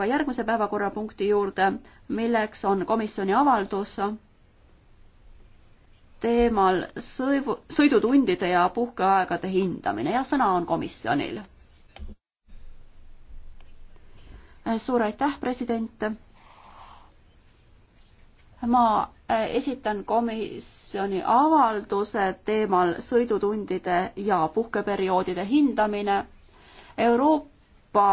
ka järgmise päevakorrapunkti juurde, milleks on komisjoni avaldus teemal sõivu, sõidutundide ja puhkeaegade hindamine ja sõna on komisjonil. suur aitäh, president. ma äh, esitan komisjoni avalduse teemal sõidutundide ja puhkeperioodide hindamine. Euroopa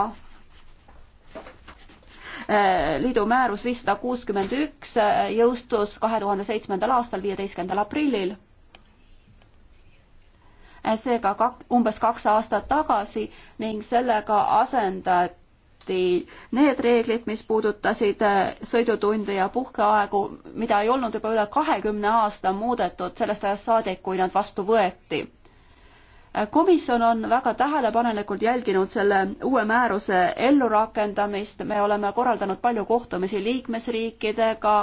Eh, liidu määrus viissada kuuskümmend üks eh, jõustus kahe tuhande seitsmendal aastal, viieteistkümnendal aprillil. Eh, seega kak, umbes kaks aastat tagasi ning sellega asendati need reeglid, mis puudutasid sõidutunde ja puhkeaegu, mida ei olnud juba üle kahekümne aasta muudetud sellest ajast saadik, kui nad vastu võeti komisjon on väga tähelepanelikult jälginud selle uue määruse ellurakendamist, me oleme korraldanud palju kohtumisi liikmesriikidega,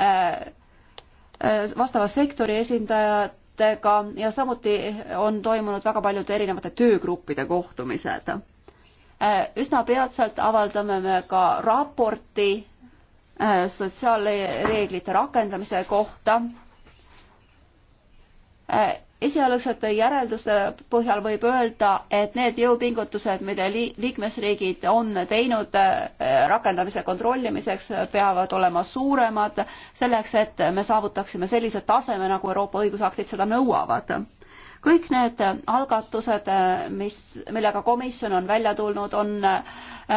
äh, äh, vastava sektori esindajatega ja samuti on toimunud väga paljude erinevate töögruppide kohtumised. Äh, üsna peatselt avaldame me ka raporti sotsiaalreeglite rakendamise kohta esialgsete järelduste põhjal võib öelda, et need jõupingutused, mida liikmesriigid on teinud äh, rakendamise kontrollimiseks, peavad olema suuremad selleks, et me saavutaksime sellise taseme, nagu Euroopa õigusaktid seda nõuavad. kõik need algatused, äh, mis, millega komisjon on välja tulnud, on äh,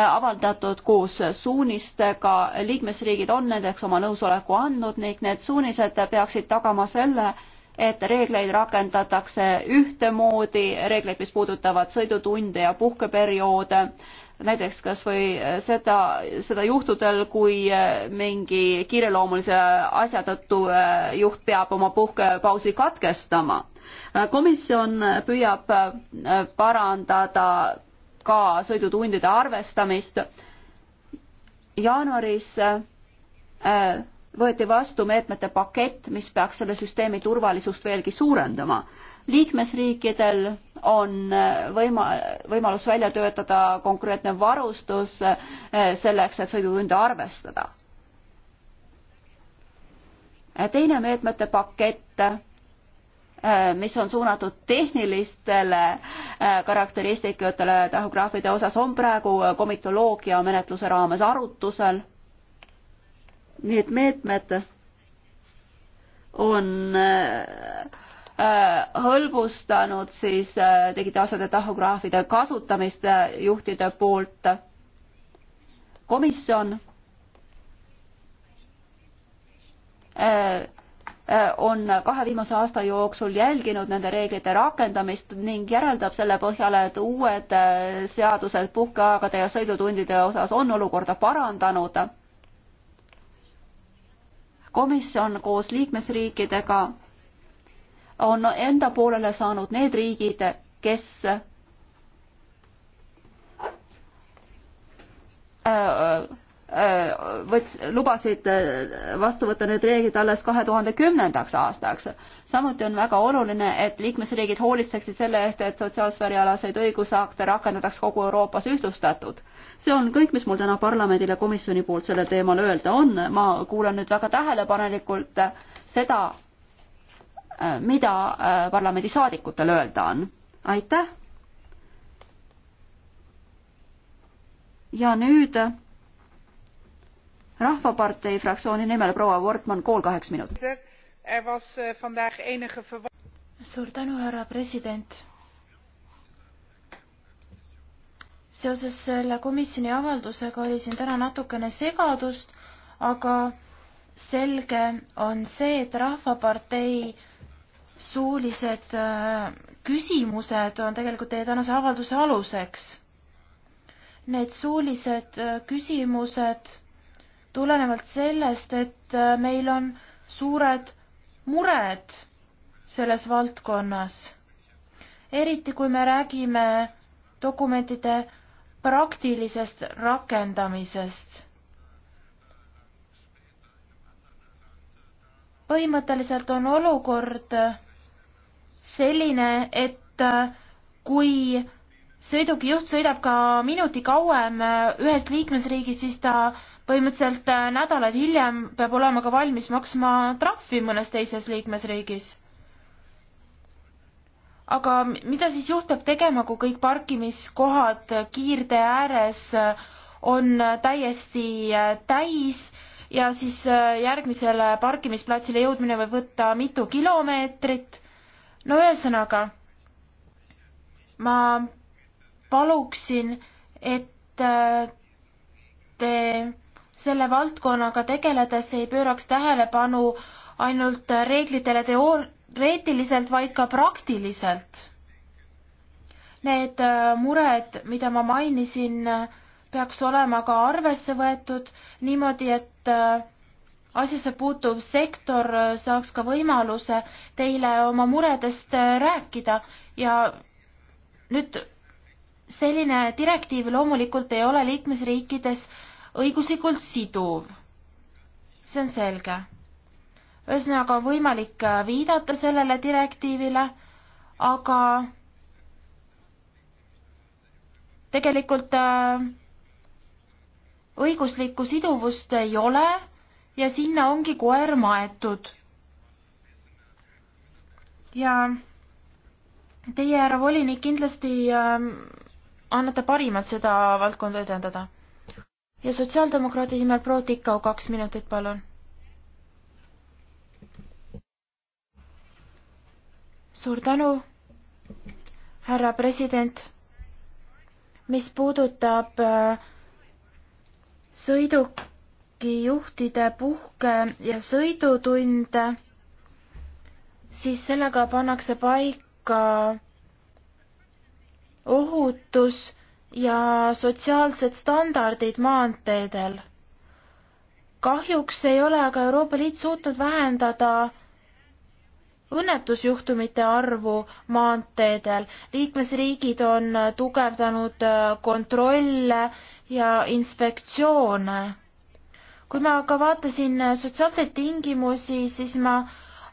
avaldatud koos suunistega, liikmesriigid on nendeks oma nõusoleku andnud ning need suunised peaksid tagama selle, et reegleid rakendatakse ühtemoodi, reegleid, mis puudutavad sõidutunde ja puhkeperioode, näiteks kas või seda, seda juhtudel, kui äh, mingi kiireloomulise asja tõttu äh, juht peab oma puhkepausi katkestama. Äh, komisjon püüab parandada ka sõidutundide arvestamist. jaanuaris võeti vastu meetmete pakett, mis peaks selle süsteemi turvalisust veelgi suurendama. liikmesriikidel on äh, võima-, võimalus välja töötada konkreetne varustus äh, selleks, et sõidutunde arvestada. teine meetmete pakett äh, mis on suunatud tehnilistele karakteristikutele tahograafide osas, on praegu komitoloogia menetluse raames arutusel Need meetmed on äh, äh, hõlbustanud siis äh, digitaalsete tahograafide kasutamist juhtide poolt. komisjon on kahe viimase aasta jooksul jälginud nende reeglite rakendamist ning järeldab selle põhjal, et uued seadused puhkeaegade ja sõidutundide osas on olukorda parandanud komisjon koos liikmesriikidega on enda poolele saanud need riigid, kes äh, võts-, lubasid äh, vastu võtta need reeglid alles kahe tuhande kümnendaks aastaks. samuti on väga oluline, et liikmesriigid hoolitseksid selle eest, et sotsiaalsfääri alaseid õigusakte rakendataks kogu Euroopas ühtlustatud. see on kõik, mis mul täna parlamendile komisjoni poolt sellel teemal öelda on, ma kuulan nüüd väga tähelepanelikult seda, äh, mida äh, parlamendisaadikutel öelda on. aitäh! ja nüüd rahvapartei fraktsiooni nimel proua Wortmann, kool kaheks minutiks. Er eh, suur tänu, härra president. seoses selle komisjoni avaldusega oli siin täna natukene segadust, aga selge on see, et Rahvapartei suulised eh, küsimused on tegelikult teie tänase avalduse aluseks. Need suulised eh, küsimused tulenevalt sellest, et äh, meil on suured mured selles valdkonnas. eriti kui me räägime dokumentide praktilisest rakendamisest. põhimõtteliselt on olukord selline, et äh, kui sõidukijuht sõidab ka minuti kauem äh, ühes liikmesriigis, siis ta põhimõtteliselt äh, nädalaid hiljem peab olema ka valmis maksma trahvi mõnes teises liikmesriigis. aga mida siis juht peab tegema, kui kõik parkimiskohad kiirtee ääres äh, on äh, täiesti täis ja siis järgmisele parkimisplatsile jõudmine võib võtta mitu kilomeetrit. no ühesõnaga, ma paluksin, et te selle valdkonnaga tegeledes ei pööraks tähelepanu ainult reeglitele teoreetiliselt, vaid ka praktiliselt. Need äh, mured, mida ma mainisin, peaks olema ka arvesse võetud niimoodi, et äh, asjasse puutuv sektor äh, saaks ka võimaluse teile oma muredest rääkida ja nüüd selline direktiiv loomulikult ei ole liikmesriikides õiguslikult siduv. see on selge. ühesõnaga on võimalik äh, viidata sellele direktiivile, aga tegelikult äh, õiguslikku siduvust ei ole ja sinna ongi koer maetud. ja teie, härra volinik, kindlasti ähm, annate parimat seda valdkonda edendada ja sotsiaaldemokraadi nimel proua Tikau, kaks minutit, palun. suur tänu, härra president. mis puudutab äh, sõidukijuhtide puhke- ja sõidutunde, siis sellega pannakse paika ohutus ja sotsiaalsed standardid maanteedel. kahjuks ei ole aga Euroopa Liit suutnud vähendada õnnetusjuhtumite arvu maanteedel. liikmesriigid on tugevdanud kontrolle ja inspektsioone. kui ma aga vaatasin sotsiaalseid tingimusi, siis ma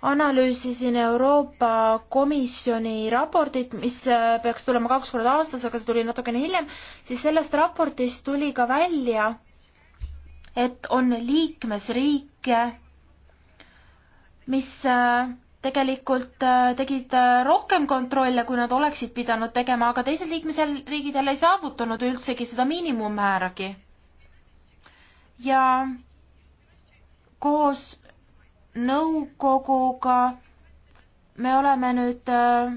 analüüsisin Euroopa Komisjoni raportit, mis äh, peaks tulema kaks korda aastas, aga see tuli natukene hiljem, siis sellest raportist tuli ka välja, et on liikmesriike, mis äh, tegelikult äh, tegid rohkem kontrolle, kui nad oleksid pidanud tegema, aga teised liikmesriigid jälle ei saavutanud üldsegi seda miinimummääragi. ja koos nõukoguga me oleme nüüd äh,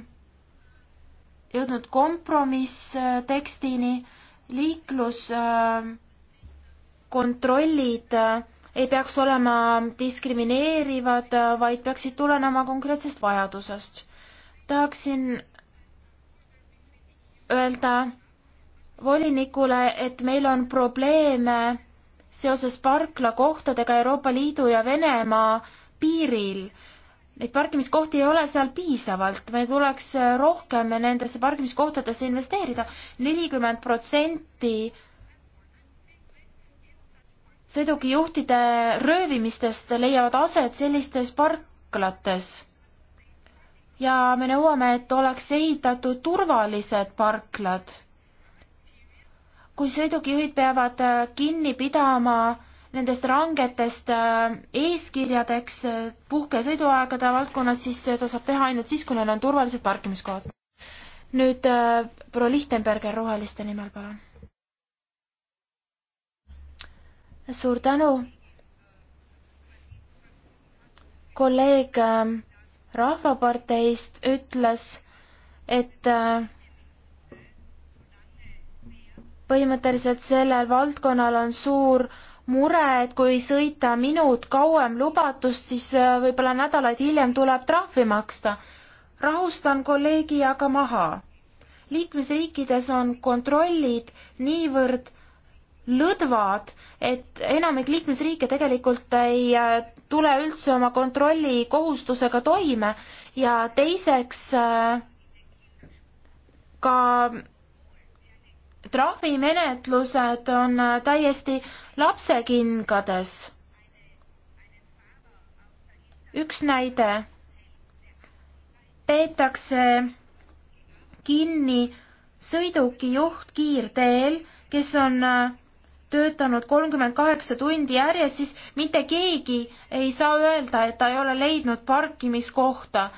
jõudnud kompromisstekstini, liikluskontrollid äh, ei peaks olema diskrimineerivad, äh, vaid peaksid tulenema konkreetsest vajadusest. tahaksin öelda volinikule, et meil on probleeme seoses parklakohtadega Euroopa Liidu ja Venemaa piiril. Neid parkimiskohti ei ole seal piisavalt, meil tuleks rohkem nendesse parkimiskohtadesse investeerida. nelikümmend protsenti sõidukijuhtide röövimistest leiavad aset sellistes parklates ja me nõuame, et oleks ehitatud turvalised parklad. kui sõidukijuhid peavad kinni pidama nendest rangetest äh, eeskirjadeks äh, puhke- ja sõiduaegade valdkonnas, siis seda saab teha ainult siis, kui neil on turvalised parkimiskohad. nüüd äh, proua Lichtenberger Roheliste nimel, palun. suur tänu. kolleeg Rahvaparteist ütles, et põhimõtteliselt sellel valdkonnal on suur mure, et kui sõita minut kauem lubatust, siis äh, võib-olla nädalaid hiljem tuleb trahvi maksta. rahustan kolleegi aga maha. liikmesriikides on kontrollid niivõrd lõdvad, et enamik liikmesriike tegelikult ei äh, tule üldse oma kontrolli kohustusega toime ja teiseks äh, ka trahvimenetlused on äh, täiesti lapsekingades. üks näide. peetakse kinni sõidukijuht kiirteel, kes on äh, töötanud kolmkümmend kaheksa tundi järjest, siis mitte keegi ei saa öelda, et ta ei ole leidnud parkimiskohta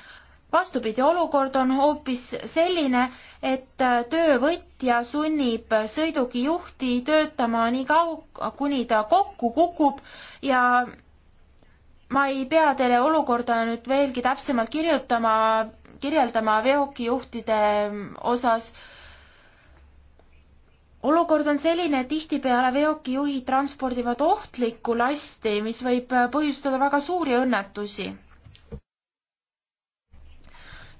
vastupidi, olukord on hoopis selline, et töövõtja sunnib sõidukijuhti töötama nii kaua, kuni ta kokku kukub ja ma ei pea teile olukorda nüüd veelgi täpsemalt kirjutama, kirjeldama veokijuhtide osas. olukord on selline, et tihtipeale veokijuhid transpordivad ohtlikku lasti, mis võib põhjustada väga suuri õnnetusi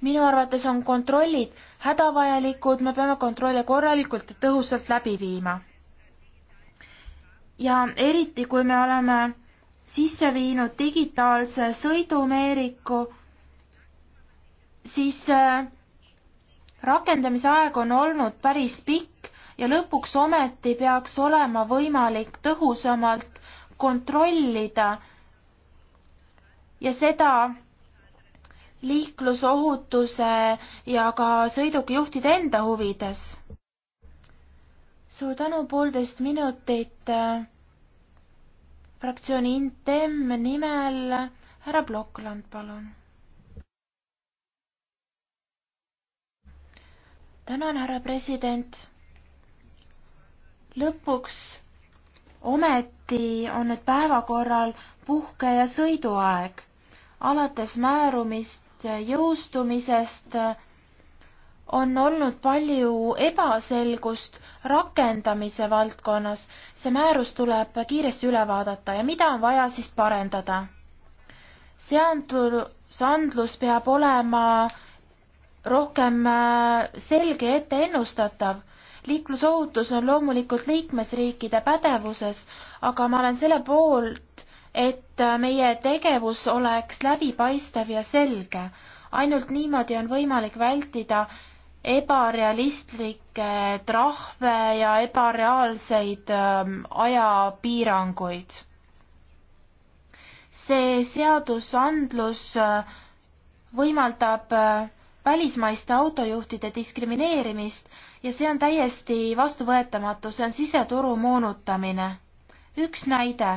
minu arvates on kontrollid hädavajalikud, me peame kontrolle korralikult ja tõhusalt läbi viima. ja eriti, kui me oleme sisse viinud digitaalse sõidumeeriku, siis äh, rakendamise aeg on olnud päris pikk ja lõpuks ometi peaks olema võimalik tõhusamalt kontrollida ja seda, liiklusohutuse ja ka sõidukijuhtide enda huvides. suur tänu, poolteist minutit äh, fraktsiooni Intem nimel härra Blokland, palun. tänan, härra president. lõpuks ometi on nüüd päevakorral puhke- ja sõiduaeg. alates määrumist jõustumisest on olnud palju ebaselgust rakendamise valdkonnas. see määrus tuleb kiiresti üle vaadata ja mida on vaja siis parendada? seadusandlus peab olema rohkem äh, selge ja ette ennustatav. liiklusohutus on loomulikult liikmesriikide pädevuses, aga ma olen selle poolt, et meie tegevus oleks läbipaistev ja selge. ainult niimoodi on võimalik vältida ebarealistlikke trahve ja ebareaalseid ähm, ajapiiranguid. see seadusandlus äh, võimaldab äh, välismaiste autojuhtide diskrimineerimist ja see on täiesti vastuvõetamatu, see on siseturu moonutamine. üks näide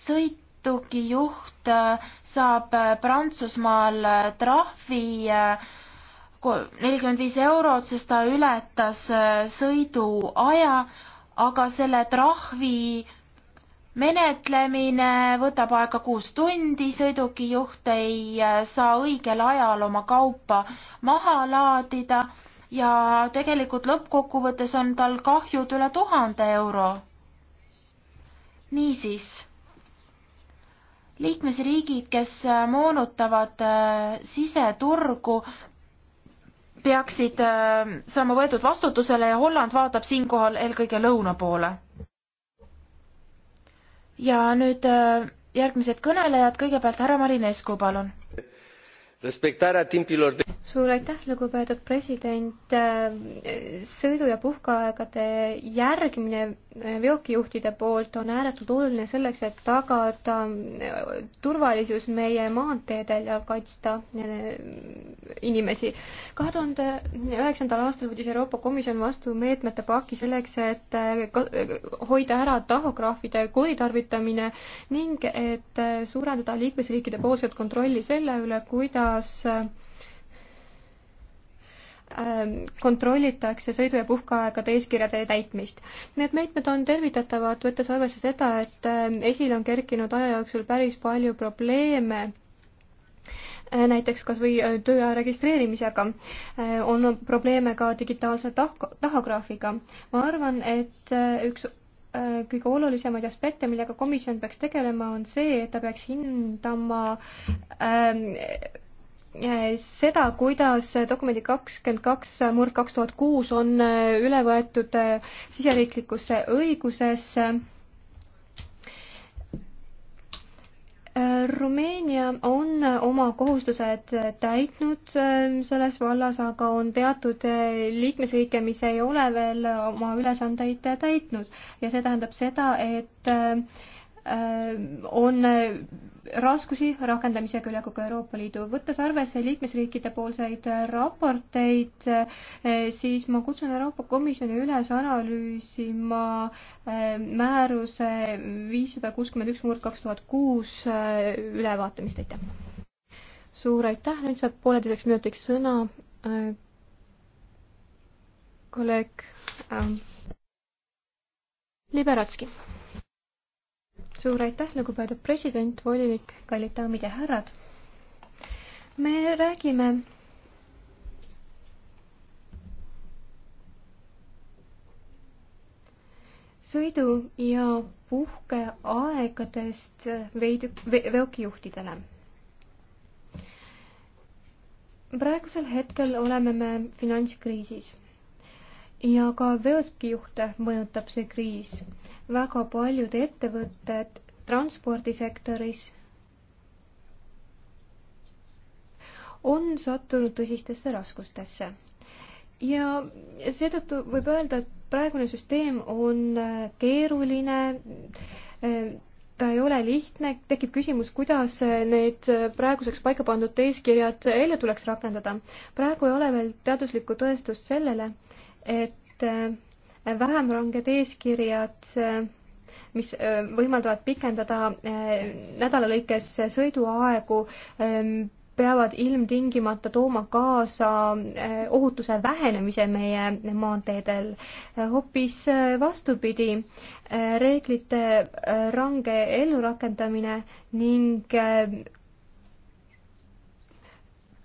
sõidukijuht äh, saab äh, Prantsusmaal äh, trahvi nelikümmend viis eurot, sest ta ületas sõiduaja, aga selle trahvi menetlemine võtab aega kuus tundi, sõidukijuht ei saa õigel ajal oma kaupa maha laadida ja tegelikult lõppkokkuvõttes on tal kahjud üle tuhande euro. niisiis liikmesriigid, kes äh, moonutavad äh, siseturgu, peaksid äh, saama võetud vastutusele ja Holland vaatab siinkohal eelkõige lõuna poole. ja nüüd järgmised kõnelejad, kõigepealt härra Marinescu, palun. suur aitäh, lugupeetud president. sõidu- ja puhkeaegade järgimine veokijuhtide poolt on ääretult oluline selleks, et tagada äh, turvalisus meie maanteedel ja kaitsta äh, inimesi. kahe tuhande üheksandal aastal võttis Euroopa Komisjon vastu meetmete paki selleks, et äh, hoida ära tahograafide kuritarvitamine ning et suurendada liikmesriikide poolset kontrolli selle üle, kuidas Ähm, kontrollitakse sõidu- ja puhkeaegade eeskirjade täitmist. Need meetmed on tervitatavad, võttes arvesse seda, et ähm, esile on kerkinud aja jooksul päris palju probleeme äh, näiteks kas või äh, tööaja registreerimisega, äh, on probleeme ka digitaalse tah-, tahograafiga. ma arvan, et üks kõige olulisemaid aspekte, millega komisjon peaks tegelema, on see, et ta peaks hindama ähm, seda, kuidas dokumendi kakskümmend kaks murd kaks tuhat kuus on üle võetud siseriiklikusse õigusesse. Rumeenia on oma kohustused täitnud selles vallas, aga on teatud liikmesriike, mis ei ole veel oma ülesandeid täitnud ja see tähendab seda, et on raskusi rakendamisega üle kogu Euroopa Liidu. võttes arvesse liikmesriikide poolseid raporteid, siis ma kutsun Euroopa Komisjoni üles analüüsima äh, määruse viissada kuuskümmend üks murd kaks tuhat kuus äh, ülevaatamist, aitäh! suur aitäh, nüüd saab pooleteiseks minutiks sõna äh, kolleeg ähm, Liberatski suur aitäh, lugupeetud president, volinik, kallid daamid ja härrad. me räägime sõidu- ja puhkeaegadest veidi ve,, veokijuhtidele. praegusel hetkel oleme me finantskriisis ja ka veokijuhte mõjutab see kriis. väga paljud ettevõtted transpordisektoris on sattunud tõsistesse raskustesse. ja seetõttu võib öelda, et praegune süsteem on äh, keeruline, äh, ta ei ole lihtne, tekib küsimus, kuidas äh, need praeguseks paika pandud eeskirjad ellu tuleks rakendada. praegu ei ole veel teaduslikku tõestust sellele, et äh, vähem ranged eeskirjad, äh, mis äh, võimaldavad pikendada nädala lõikes sõiduaegu, ähm, peavad ilmtingimata tooma kaasa ohutuse vähenemise meie maanteedel. hoopis vastupidi, reeglite range ellurakendamine ning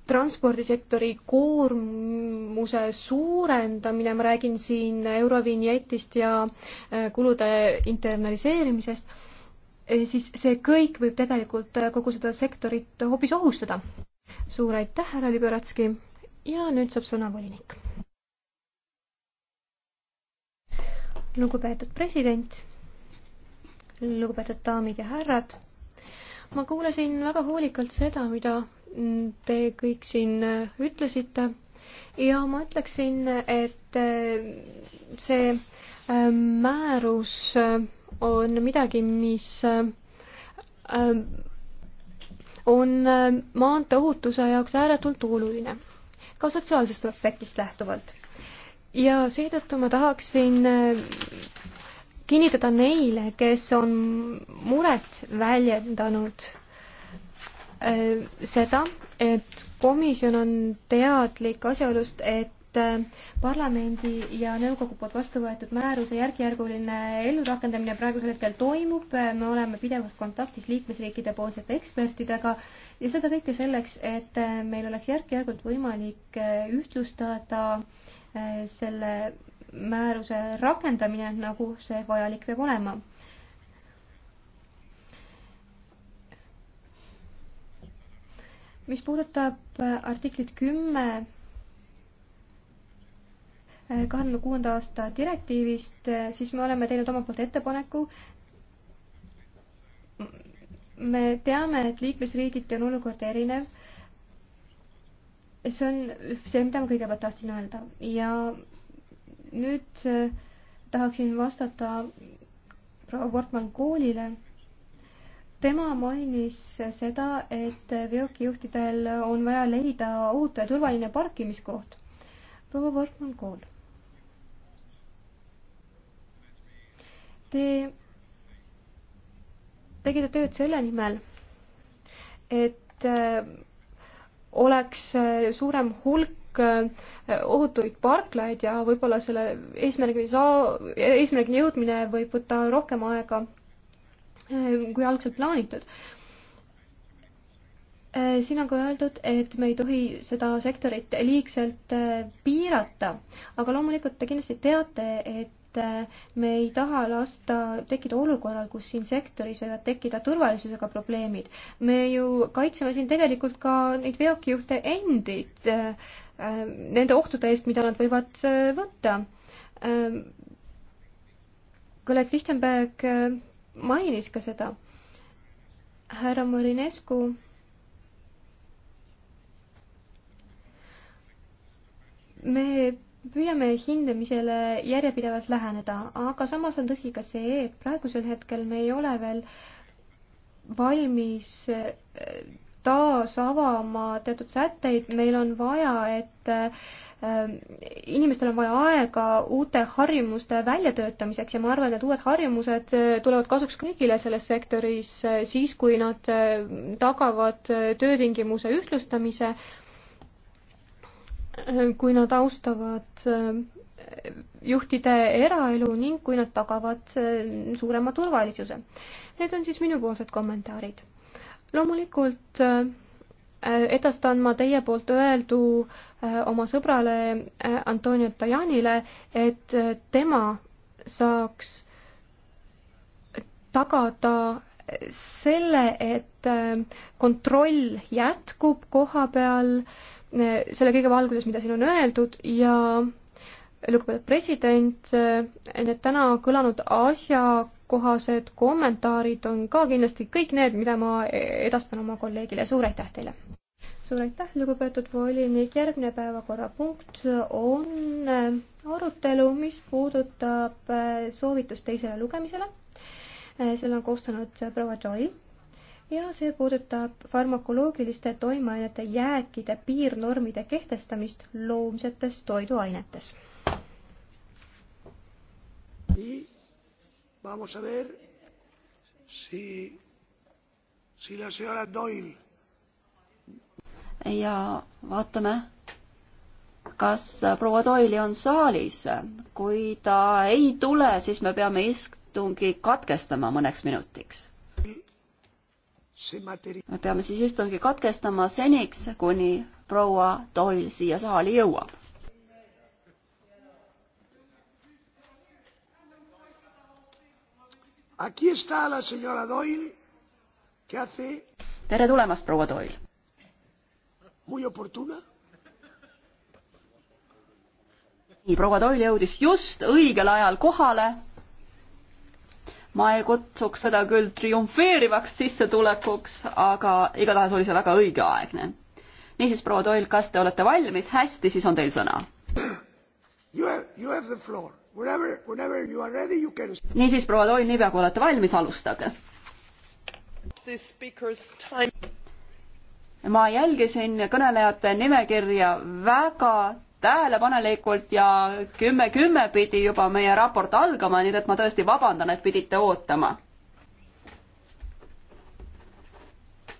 transpordisektori koormuse suurendamine, ma räägin siin Eurovinjetist ja äh, kulude internaliseerimisest, eh, siis see kõik võib tegelikult äh, kogu seda sektorit hoopis ohustada. suur aitäh, härra Liberatski ja nüüd saab sõna volinik. lugupeetud president, lugupeetud daamid ja härrad, ma kuulasin väga hoolikalt seda, mida te kõik siin ütlesite ja ma ütleksin, et äh, see äh, määrus äh, on midagi, mis on maanteeohutuse jaoks ääretult oluline, ka sotsiaalsest aspektist lähtuvalt. ja seetõttu ma tahaksin kinnitada neile, kes on muret väljendanud Äh, seda, et komisjon on teadlik asjaolust, et äh, parlamendi ja nõukogu poolt vastu võetud määruse järk-järguline ellurakendamine praegusel hetkel toimub, äh, me oleme pidevas kontaktis liikmesriikide poolsete ekspertidega ja seda kõike selleks, et meil oleks järk-järgult võimalik ühtlustada selle määruse rakendamine, nagu see vajalik peab olema mis puudutab äh, artiklit kümme äh, kahe tuhande kuuenda aasta direktiivist, äh, siis me oleme teinud omalt poolt ettepaneku. me teame, et liikmesriigiti on olukord erinev. see on see, mida ma kõigepealt tahtsin öelda ja nüüd tahaksin vastata proua Portman koolile tema mainis seda, et veokijuhtidel on vaja leida ohutu ja turvaline parkimiskoht. proua Võrkman Kool. Te tegite tööd selle nimel, et äh, oleks äh, suurem hulk äh, ohutuid parklaid ja võib-olla selle eesmärgini saa-, eesmärgini jõudmine võib võtta rohkem aega Äh, kui algselt plaanitud. Äh, siin on ka öeldud, et me ei tohi seda sektorit liigselt äh, piirata, aga loomulikult te kindlasti teate, et me ei taha lasta tekkida olukorral, kus siin sektoris võivad tekkida turvalisusega probleemid. me ju kaitseme siin tegelikult ka neid veokijuhte endid nende ohtude eest, mida nad võivad võtta. kolleeg Lichtenberg mainis ka seda. härra Marinescu me püüame hindamisele järjepidevalt läheneda, aga samas on tõsi ka see, et praegusel hetkel me ei ole veel valmis taas avama teatud sätteid, meil on vaja, et äh, inimestel on vaja aega uute harjumuste väljatöötamiseks ja ma arvan, et uued harjumused äh, tulevad kasuks kõigile selles sektoris äh, siis, kui nad äh, tagavad töötingimuse ühtlustamise, kui nad austavad juhtide eraelu ning kui nad tagavad suurema turvalisuse. Need on siis minupoolsed kommentaarid loomulikult äh, edastan ma teie poolt öeldu äh, oma sõbrale äh, Antonio Tajanile, et tema saaks tagada selle, et kontroll jätkub koha peal selle kõige valguses, mida siin on öeldud ja lugupeetud president, need täna kõlanud asjad kohased kommentaarid on ka kindlasti kõik need, mida ma edastan oma kolleegile, suur aitäh teile! suur aitäh, lugupeetud volinik, järgmine päevakorrapunkt on äh, arutelu, mis puudutab äh, soovitust teisele lugemisele. Äh, selle on koostanud proua Joy ja see puudutab farmakoloogiliste toimeainete jääkide piirnormide kehtestamist loomsetes toiduainetes vamos a ver si, si la señora Doyle. ja vaatame, kas proua Doyle on saalis. kui ta ei tule, siis me peame istungi katkestama mõneks minutiks. me peame siis istungi katkestama seniks, kuni proua Doyle siia saali jõuab tere tulemast, proua Doyle! nii, proua Toil jõudis just õigel ajal kohale. ma ei kutsuks seda küll triumfeerivaks sissetulekuks, aga igatahes oli see väga õigeaegne. niisiis, proua Toil, kas te olete valmis? hästi, siis on teil sõna. You have, you have the floor Can... niisiis, proua Toil, niipea kui olete valmis, alustage. ma jälgisin kõnelejate nimekirja väga tähelepanelikult ja kümme kümme pidi juba meie raport algama, nii et ma tõesti vabandan, et pidite ootama.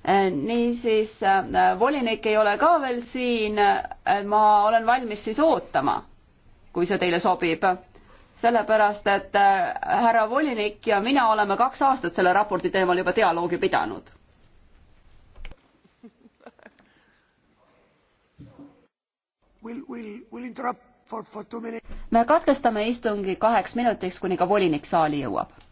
Äh, niisiis, äh, volinik ei ole ka veel siin, äh, ma olen valmis siis ootama, kui see teile sobib sellepärast et äh, härra volinik ja mina oleme kaks aastat selle raporti teemal juba dialoogi pidanud. me katkestame istungi kaheks minutiks, kuni ka volinik saali jõuab